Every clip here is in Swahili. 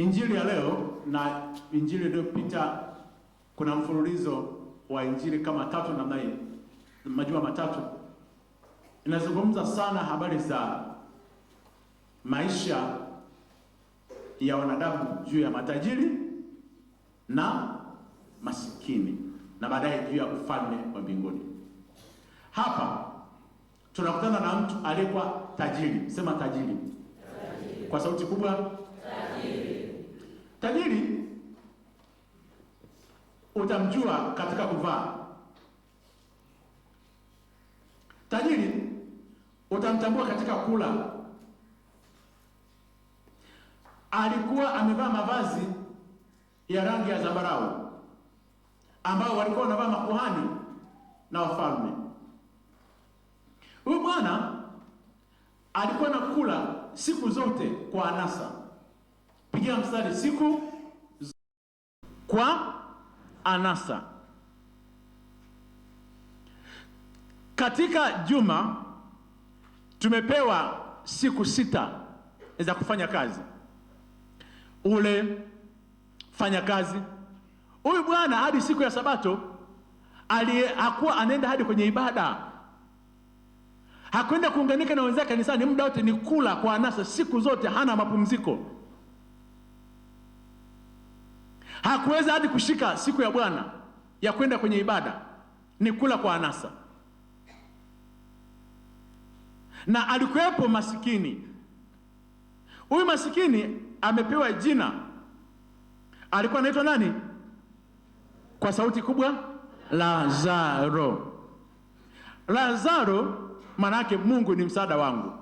Injili ya leo na injili iliyopita kuna mfululizo wa injili kama tatu namna hii, majuma matatu, inazungumza sana habari za maisha ya wanadamu juu ya matajiri na masikini, na baadaye juu ya ufalme wa mbinguni. Hapa tunakutana na mtu aliyekuwa tajiri, sema tajiri, tajiri, kwa sauti kubwa Tajiri utamjua katika kuvaa. Tajiri utamtambua katika kula. Alikuwa amevaa mavazi ya rangi ya zambarau ambao walikuwa wanavaa makuhani na wafalme. Huyu bwana alikuwa anakula siku zote kwa anasa pigia mstari siku kwa anasa katika juma. Tumepewa siku sita za kufanya kazi, ule fanya kazi. Huyu bwana hadi siku ya Sabato aliye hakuwa anaenda hadi kwenye ibada, hakwenda kuunganika na wenzake kanisani, muda wote ni kula kwa anasa, siku zote hana mapumziko hakuweza hadi kushika siku ya Bwana ya kwenda kwenye ibada, ni kula kwa anasa. Na alikuwepo masikini. Huyu masikini amepewa jina, alikuwa anaitwa nani? Kwa sauti kubwa, Lazaro. Lazaro maana Mungu ni msaada wangu.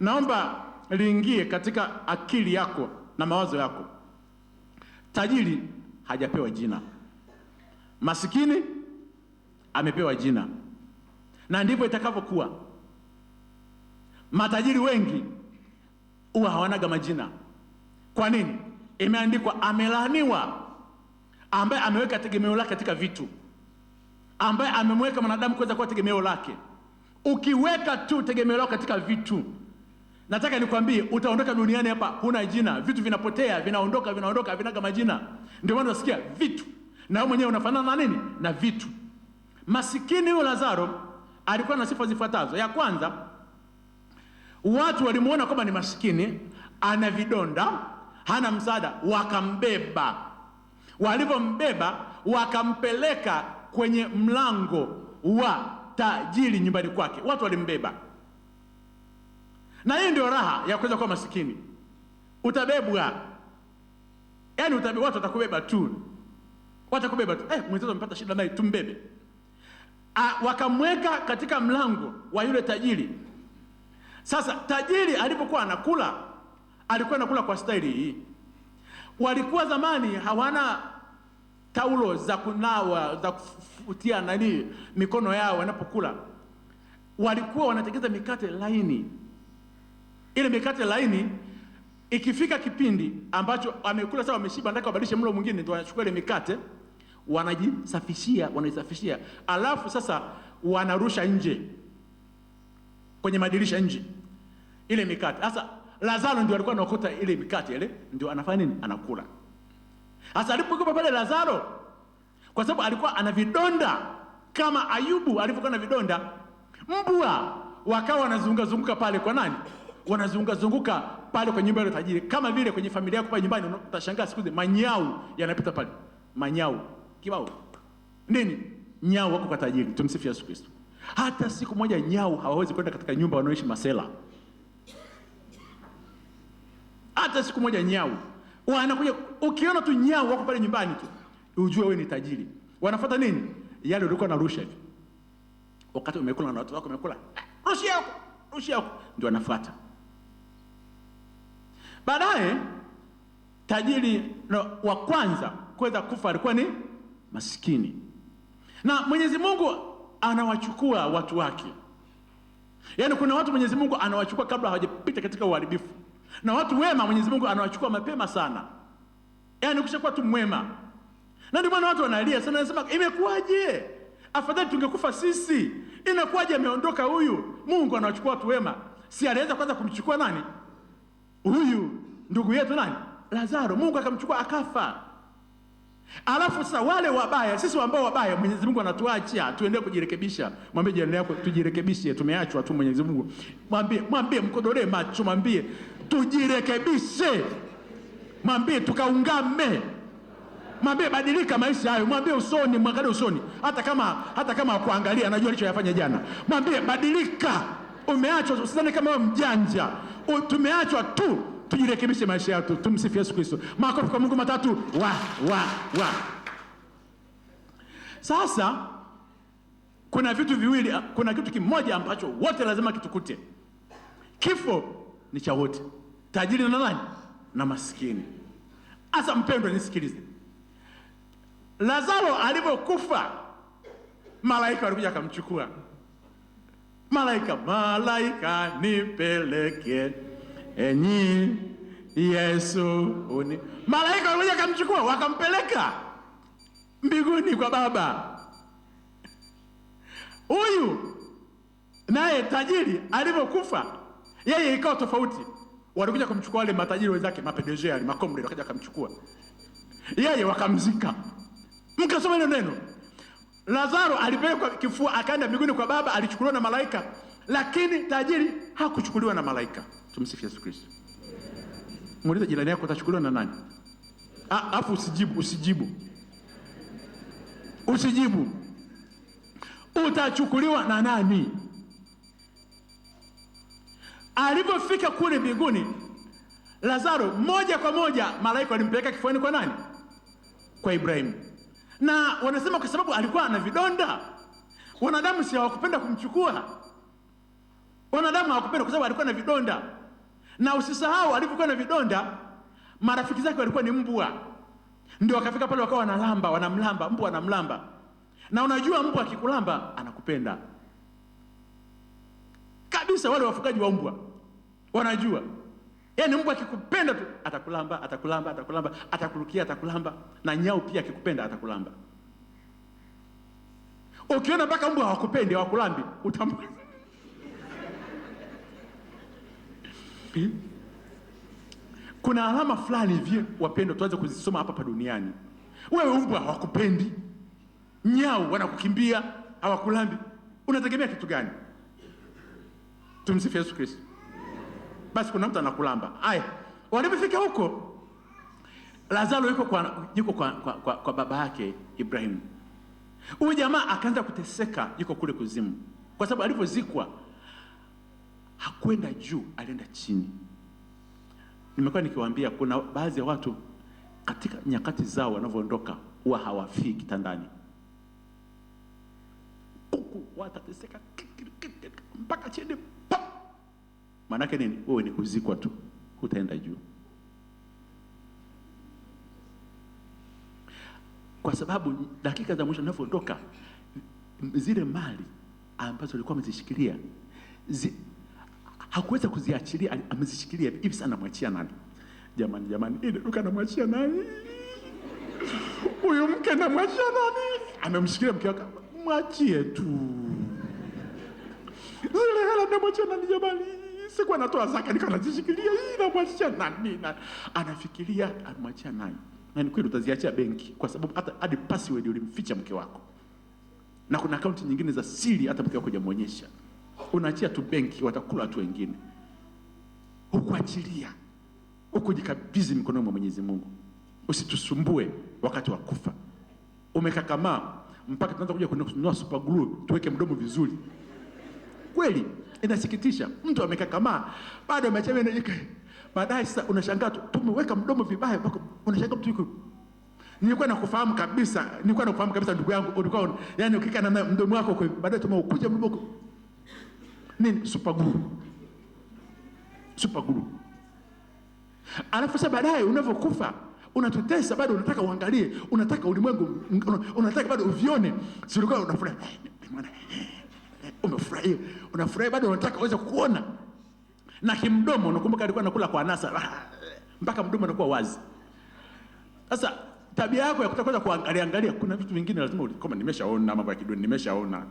Naomba liingie katika akili yako na mawazo yako. Tajiri hajapewa jina, masikini amepewa jina, na ndivyo itakavyokuwa. Matajiri wengi huwa hawanaga majina. Kwa nini? Imeandikwa, amelaaniwa ambaye ameweka tegemeo lake katika vitu, ambaye amemweka mwanadamu kuweza kuwa tegemeo lake. Ukiweka tu tegemeo lako katika vitu Nataka nikwambie utaondoka duniani hapa huna jina. Vitu vinapotea, vinaondoka, vinaondoka, vinaga majina. Ndio maana unasikia vitu, na wewe mwenyewe unafanana na nini? Na vitu. Masikini huyo Lazaro alikuwa na sifa zifuatazo. Ya kwanza, watu walimuona kwamba ni masikini, ana vidonda, hana msaada, wakambeba. Walivyombeba wakampeleka kwenye mlango wa tajiri nyumbani kwake. Watu walimbeba na hii ndio raha ya kuweza kuwa masikini, utabebwa, yaani utabe, watu watakubeba tu, watakubeba tu. Eh, mwenzetu amepata shida, naye tumbebe. Wakamweka katika mlango wa yule tajiri. Sasa tajiri alipokuwa anakula, alikuwa anakula kwa staili hii. Walikuwa zamani hawana taulo za kunawa za kufutia nani mikono yao wanapokula, walikuwa wanatengeneza mikate laini ile mikate laini ikifika kipindi ambacho amekula sasa, wameshiba, nataka wabadilishe mlo mwingine, ndio wanachukua ile mikate wanajisafishia, wanajisafishia, alafu sasa wanarusha nje kwenye madirisha nje ile mikate. Sasa Lazaro ndio alikuwa anaokota ile mikate ile, ndio anafanya nini? Anakula. Sasa alipokuwa pale Lazaro, kwa sababu alikuwa ana vidonda kama Ayubu alivyokuwa na vidonda, mbwa wakawa wanazunguka zunguka pale kwa nani? wanazunguka zunguka pale kwenye nyumba ya tajiri, kama vile kwenye familia yako pale nyumbani. Utashangaa siku hizi manyau yanapita pale, manyau kibao nini, nyau wako kwa tajiri. Tumsifu Yesu Kristo. Hata siku moja nyau hawawezi kwenda katika nyumba wanaoishi masela, hata siku moja nyau wanakuja. Ukiona tu nyau wako pale nyumbani tu ujue wewe ni tajiri. Wanafuata nini? Yale ulikuwa narusha hivi wakati umekula na watu wako umekula, eh, rushia huko, rushia huko, ndio wanafuata. Baadaye tajiri no, wa kwanza kuweza kufa alikuwa ni maskini, na Mwenyezi Mungu anawachukua watu wake. Yaani kuna watu Mwenyezi Mungu anawachukua kabla hawajapita katika uharibifu, na watu wema Mwenyezi Mungu anawachukua mapema sana. Yaani ukishakuwa tu mwema, na ndio maana watu wanalia sana, wanasema imekuwaje? Afadhali tungekufa sisi, inakuwaje ameondoka huyu? Mungu anawachukua watu wema, si aliweza kwanza kumchukua nani huyu ndugu yetu nani Lazaro, Mungu akamchukua akafa. Alafu sasa wale wabaya, sisi ambao wabaya, Mwenyezi Mungu anatuachia tuendelee kujirekebisha. Mwambie jirani yako, tujirekebishe, tumeachwa tu. Mwenyezi Mungu mwambie, mwambie, mkodolee macho, mwambie tujirekebishe, mwambie tukaungame, mwambie badilika maisha hayo, mwambie usoni, mwangalie usoni, hata kama hata kama akuangalia, anajua alichoyafanya jana. Mwambie badilika, umeachwa, usidhani kama wewe mjanja, tumeachwa tu tujirekebishe maisha yetu, tumsifu Yesu Kristo. Makofi kwa Mungu matatu wa, wa, wa. Sasa kuna vitu viwili, kuna kitu kimoja ambacho wote lazima kitukute. Kifo ni cha wote, tajiri na nani na maskini. Sasa mpendwa, nisikilize. Lazaro alivyokufa malaika walikuja akamchukua. Malaika, malaika nipeleke enyi eh, Yesu uni. Malaika walikuja akamchukua wakampeleka mbinguni kwa Baba. Huyu naye tajiri alivyokufa yeye ikawa tofauti, walikuja kumchukua wale matajiri wenzake mapendezo makomre, wakaja wakamchukua yeye wakamzika. Mkasoma hilo neno. Lazaro alipelekwa kifua, akaenda mbinguni kwa Baba, alichukuliwa na malaika, lakini tajiri hakuchukuliwa na malaika. Tumsifu Yesu Kristo. Muulize jirani yako utachukuliwa na nani? Ah, afu usijibu, usijibu, usijibu. Utachukuliwa na nani? Alipofika kule mbinguni, Lazaro moja kwa moja malaika alimpeleka kifuani kwa nani? Kwa Ibrahimu. Na wanasema kwa sababu alikuwa ana vidonda, wanadamu si hawakupenda kumchukua. Wanadamu hawakupenda kwa sababu alikuwa na vidonda. Na usisahau alipokuwa na vidonda, marafiki zake walikuwa ni mbwa, ndio wakafika pale wakawa wanalamba, wanamlamba, mbwa anamlamba Na unajua mbwa akikulamba anakupenda kabisa. Wale wafugaji wa mbwa wanajua, yaani mbwa akikupenda tu atakulamba, atakulamba, atakulamba, atakurukia, atakulamba. Na nyau pia akikupenda atakulamba. Ukiona mpaka mbwa hawakupendi, hawakulambi, utambua fupi, kuna alama fulani hivi wapendwa, tuanze kuzisoma hapa pa duniani. Wewe mbwa hawakupendi, nyau wanakukimbia, hawakulambi, unategemea kitu gani? Tumsifu Yesu Kristo. Basi kuna mtu anakulamba. Aya, walipofika huko, Lazaro yuko kwa, yuko kwa, kwa, kwa, kwa baba yake Ibrahimu. Huyu jamaa akaanza kuteseka, yuko kule kuzimu, kwa sababu alipozikwa hakwenda juu, alienda chini. Nimekuwa nikiwaambia kuna baadhi ya watu katika nyakati zao wanavyoondoka huwa hawafii kitandani, huku watateseka mpaka chini. Maanake nini? Wewe ni kuzikwa tu, hutaenda juu, kwa sababu dakika za mwisho anavyoondoka zile mali ambazo ulikuwa umezishikilia hakuweza kuziachilia, amezishikilia hivi sasa. Anamwachia nani? Jamani, jamani, ile duka namwachia nani? Huyu mke namwachia nani? Amemshikilia mke wake, mwachie tu zile hela, namwachia nani? Jamani, siku anatoa zaka, niko anazishikilia, hii namwachia nani? Na anafikiria amwachia nani? Na ni kweli, utaziachia benki, kwa sababu hata hadi password ulimficha mke wako, na kuna akaunti nyingine za siri hata mke wako hajamwonyesha unaachia tu benki, watakula watu wengine. Hukuachilia, hukujikabidhi mikononi mwa Mwenyezi Mungu. Usitusumbue wakati wa kufa, umekakamaa mpaka tunaanza kuja kununua super glue tuweke mdomo vizuri. Kweli inasikitisha, mtu amekakamaa bado amechemea, meno yake, baadaye sasa unashangaa tu tumeweka mdomo vibaya, mpaka unashangaa mtu yuko nilikuwa nakufahamu kabisa, nilikuwa nakufahamu kabisa ndugu yangu, ulikuwa yani ukikana na mdomo wako, kwa baadaye tumeukuja mdomo nini super glue. Super glue. Alafu sasa baadaye unavyokufa unatetesa bado unataka uangalie, unataka ulimwengu, unataka bado uvione. Silikuwa unafurahi umefurahi, unafurahi bado unataka uweze kuona na kimdomo. Unakumbuka alikuwa anakula kwa anasa ah, mpaka mdomo unakuwa wazi. Sasa tabia yako ya kutaka kuangalia angalia, kuna vitu vingine lazima kama nimeshaona mambo ya kidunia, nimeshaona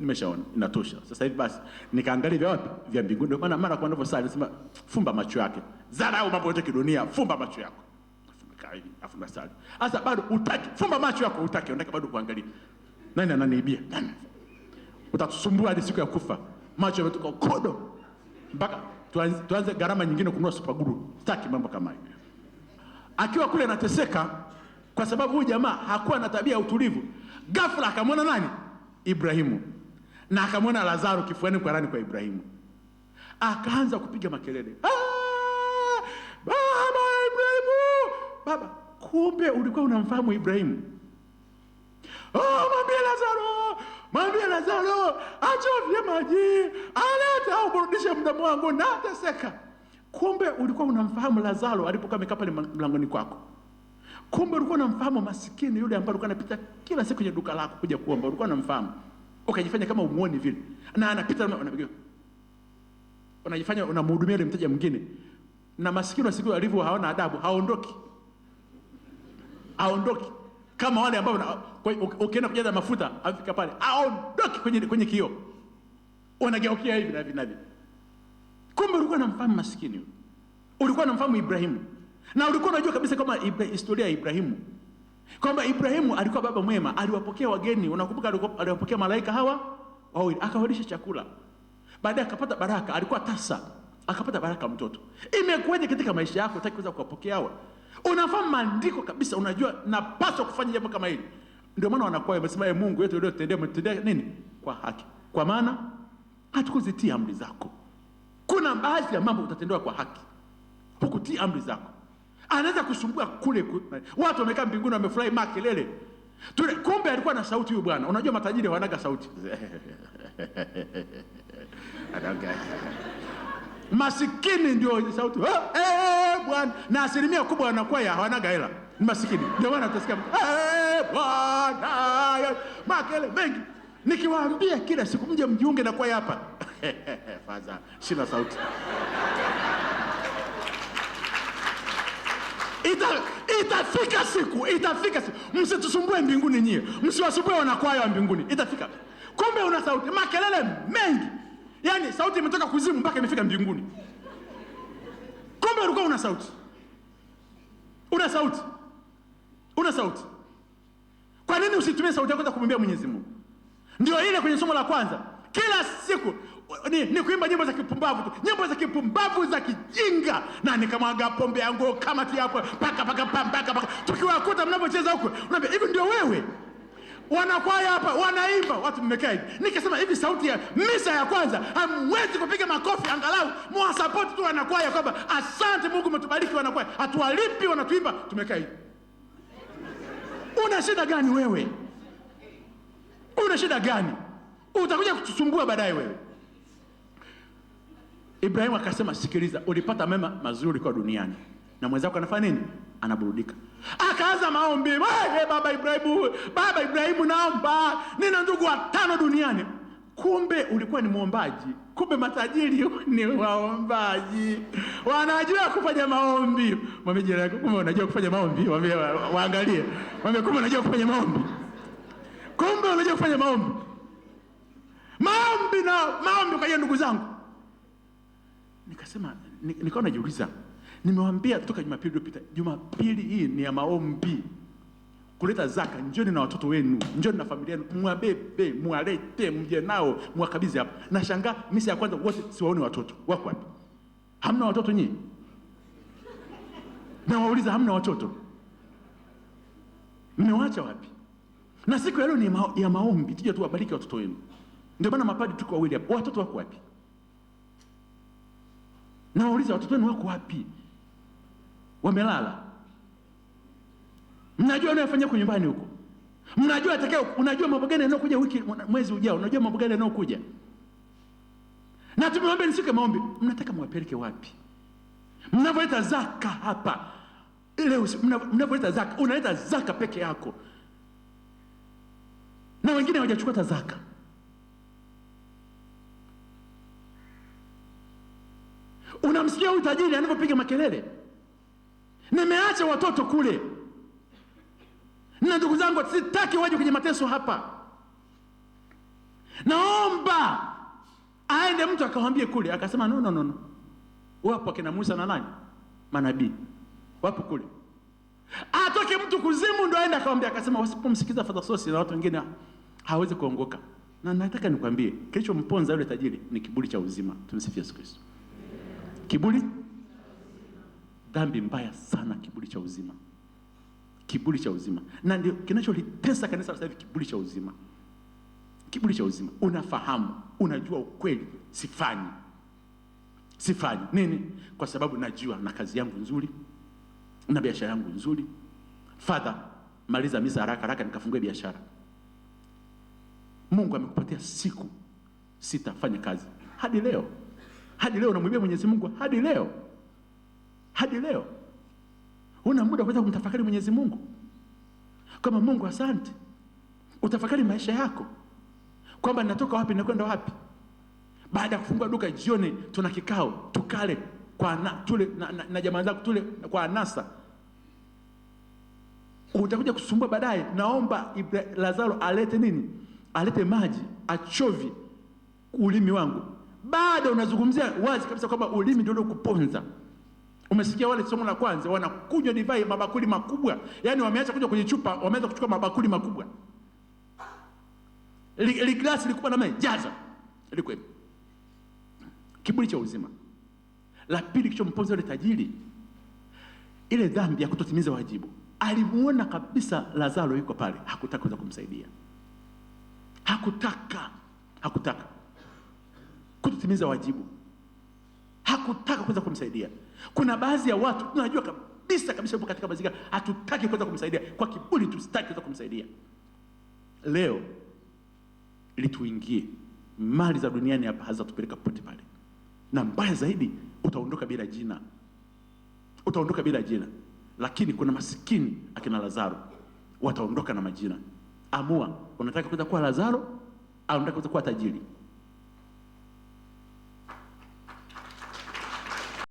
nimeshaona inatosha. Sasa hivi basi nikaangalia vya wapi vya mbinguni. maana mara kwa sasa nasema fumba macho yake, dharau mambo yote kidunia, fumba macho yako. Afu nasali sasa, bado utaki fumba macho yako, utaki unataka bado kuangalia nani ananiibia nani, utatusumbua hadi siku ya kufa. Macho yametoka kodo, mpaka tuanze, tuanze gharama nyingine kununua super guru. Sitaki mambo kama hayo. Akiwa kule anateseka kwa sababu huyu jamaa hakuwa na tabia ya utulivu, ghafla akamwona nani Ibrahimu na akamwona Lazaro kifuani kwa rani kwa Ibrahimu, akaanza kupiga makelele, ah, baba Ibrahimu, baba. Kumbe ulikuwa unamfahamu Ibrahimu. Oh, mwambie Lazaro, mwambie Lazaro achovye maji alete au mdomo wangu na ateseka. Kumbe ulikuwa unamfahamu Lazaro alipokuwa amekaa pale mlangoni kwako. Kumbe ulikuwa unamfahamu masikini yule ambaye alikuwa anapita kila siku kwenye duka lako kuja kuomba, ulikuwa unamfahamu ukajifanya kama umuoni vile, na anapita unapiga, unajifanya unamhudumia ile mteja mwingine, na masikini wa siku alivyo haona adabu, haondoki haondoki, kama wale ambao ukienda kujaza mafuta afika pale haondoki kwenye kwenye kio wanageukia hivi na hivi Kumbe ulikuwa unamfahamu masikini, ulikuwa unamfahamu Ibrahimu, na ulikuwa unajua kabisa kama historia ya Ibrahimu kwamba Ibrahimu alikuwa baba mwema, aliwapokea wageni. Unakumbuka aliwapokea malaika hawa wawili, akawalisha chakula, baadaye akapata baraka, alikuwa tasa, akapata baraka mtoto. Imekuwaje katika maisha yako utaki kuweza kuwapokea hawa? Unafahamu maandiko kabisa, unajua napaswa kufanya jambo kama hili. Ndio maana wanakuwa wamesema, e Mungu wetu uliotendea, umetendea nini kwa haki, kwa maana hatukuzitii amri zako. Kuna baadhi ya mambo utatendewa kwa haki, hukutii amri zako anaweza kusumbua kule, kule. Watu wamekaa mbinguni wamefurahi makelele tule, kumbe alikuwa na sauti huyu bwana. Unajua matajiri hawanaga sauti masikini ndio sauti oh, eh, eh, eh, bwana, na asilimia kubwa wanakwaya hawanaga hela, ni masikini. Ndio maana utasikia bwana makele mengi. Nikiwaambia kila siku mje mjiunge na kwaya hapa, faza sina sauti ita, itafika siku itafika siku, msitusumbue mbinguni nyie, msiwasumbue wanakwaya wa mbinguni. Itafika kumbe, una sauti makelele mengi, yaani sauti imetoka kuzimu mpaka imefika mbinguni. Kumbe ulikuwa una sauti, una sauti, una sauti. Kwa nini usitumie sauti yako kwenda kumwambia Mwenyezi Mungu? Ndio ile kwenye somo la kwanza, kila siku ni, ni kuimba nyimbo za kipumbavu tu, nyimbo za kipumbavu za kijinga, na nikamwaga pombe yangu kama tu hapo paka paka paka paka, tukiwakuta mnapocheza huko, unaambia hivi ndio wewe wanakwaya hapa wanaimba, watu mmekaa hivi. Nikasema hivi, sauti ya misa ya kwanza hamwezi kupiga makofi, angalau mwasapoti tu wanakwaya kwamba asante Mungu umetubariki. Wanakwaya hatuwalipi, wanatuimba, tumekaa hivi. Una shida gani wewe? Una shida gani? Utakuja kutusumbua baadaye wewe. Ibrahimu akasema, sikiliza, ulipata mema mazuri kwa duniani na mwenzako anafanya nini? Anaburudika. Akaanza maombi, wewe baba Ibrahimu, baba Ibrahimu, naomba nina ndugu watano duniani. Kumbe ulikuwa ni mwombaji. Kumbe matajiri ni waombaji, wanajua kufanya maombi. Mwambie jirani yako, kumbe unajua kufanya maombi. Mwambie waangalie, mwambie kumbe unajua kufanya maombi, kumbe unajua kufanya maombi. Maombi na maombi kwa ndugu zangu Nikasema nikawa najiuliza, nimewambia toka Jumapili iliyopita, Jumapili hii ni ya maombi kuleta zaka. Njoni na watoto wenu, njoni na familia yenu, mwabebe, mwalete, mje nao, mwakabizi hapa. Nashangaa misa ya kwanza wote siwaone watoto. Wako wapi? Hamna watoto nyinyi? Nawauliza, hamna watoto? Mmewacha wapi? Na siku ya leo ni ya maombi, tija tuwabariki watoto wenu. Ndio maana mapadi tuko wawili hapa, watoto wako wapi? nawauliza nauliza watoto wenu wako wapi? Wamelala. Mnajua unayofanya kwa nyumbani huko? Mnajua atakao, unajua mambo gani yanayokuja wiki mwezi ujao? Unajua mambo gani yanayokuja? Na tumeomba ni siku maombi, mnataka mwapeleke wapi? Mnavyoleta zaka hapa. ile, mnavyoleta zaka, unaleta zaka peke yako. Na wengine hawajachukua zaka. Angalia huyu tajiri anavyopiga makelele, nimeacha watoto kule na ndugu zangu, sitaki waje kwenye mateso hapa. Naomba aende mtu akawambie kule, akasema no, no, no. Wapo akina Musa na nani manabii wapo kule. Atoke mtu kuzimu ndo aende akawambia, akasema wasipomsikiza Fadhasosi na watu wengine hawezi kuongoka. Na nataka nikwambie kilichomponza yule tajiri ni kiburi cha uzima. Tumsifie Yesu Kristo. Kiburi, dhambi mbaya sana, kiburi cha uzima, kiburi cha uzima, na ndio kinacholitesa kanisa sasa hivi, kiburi cha uzima, kiburi cha uzima. Unafahamu, unajua ukweli, sifanyi, sifanyi nini? Kwa sababu najua na kazi yangu nzuri na biashara yangu nzuri. Father, maliza misa haraka haraka nikafungue biashara. Mungu amekupatia siku sita, fanya kazi hadi leo hadi leo unamwibia Mwenyezi Mungu, hadi leo, hadi leo una muda kuweza kumtafakari Mwenyezi Mungu kama Mungu, asante. Utafakari maisha yako kwamba natoka wapi nakwenda wapi. Baada ya kufungua duka jioni, tuna kikao tukale kwa na, tule na, na, na jamaa zako tule kwa anasa, utakuja kusumbua baadaye. Naomba Lazaro alete nini, alete maji achovi ulimi wangu bado unazungumzia wazi kabisa kwamba ulimi ndio kuponza. Umesikia wale somo la kwanza, wanakunywa divai mabakuli makubwa, yaani wameacha kunywa kwenye chupa, wameanza kuchukua mabakuli makubwa. glasi ilikuwa na maji, jaza ilikuwa kiburi cha uzima. La pili kilichomponza yule tajiri, ile dhambi ya kutotimiza wajibu. Alimuona kabisa Lazaro yuko pale, hakutaka kuweza kumsaidia, hakutaka hakutaka kututimiza wajibu, hakutaka kuweza kumsaidia. Kuna baadhi ya watu tunajua kabisa kabisa yupo katika mazingira, hatutaki kuweza kumsaidia kwa kiburi, tusitaki kuweza kumsaidia. Leo lituingie mali za duniani hapa hazitatupeleka popote pale, na mbaya zaidi utaondoka bila jina, utaondoka bila jina. Lakini kuna masikini akina Lazaro wataondoka na majina. Amua, unataka kuweza kuwa Lazaro au unataka kuweza kuwa tajiri?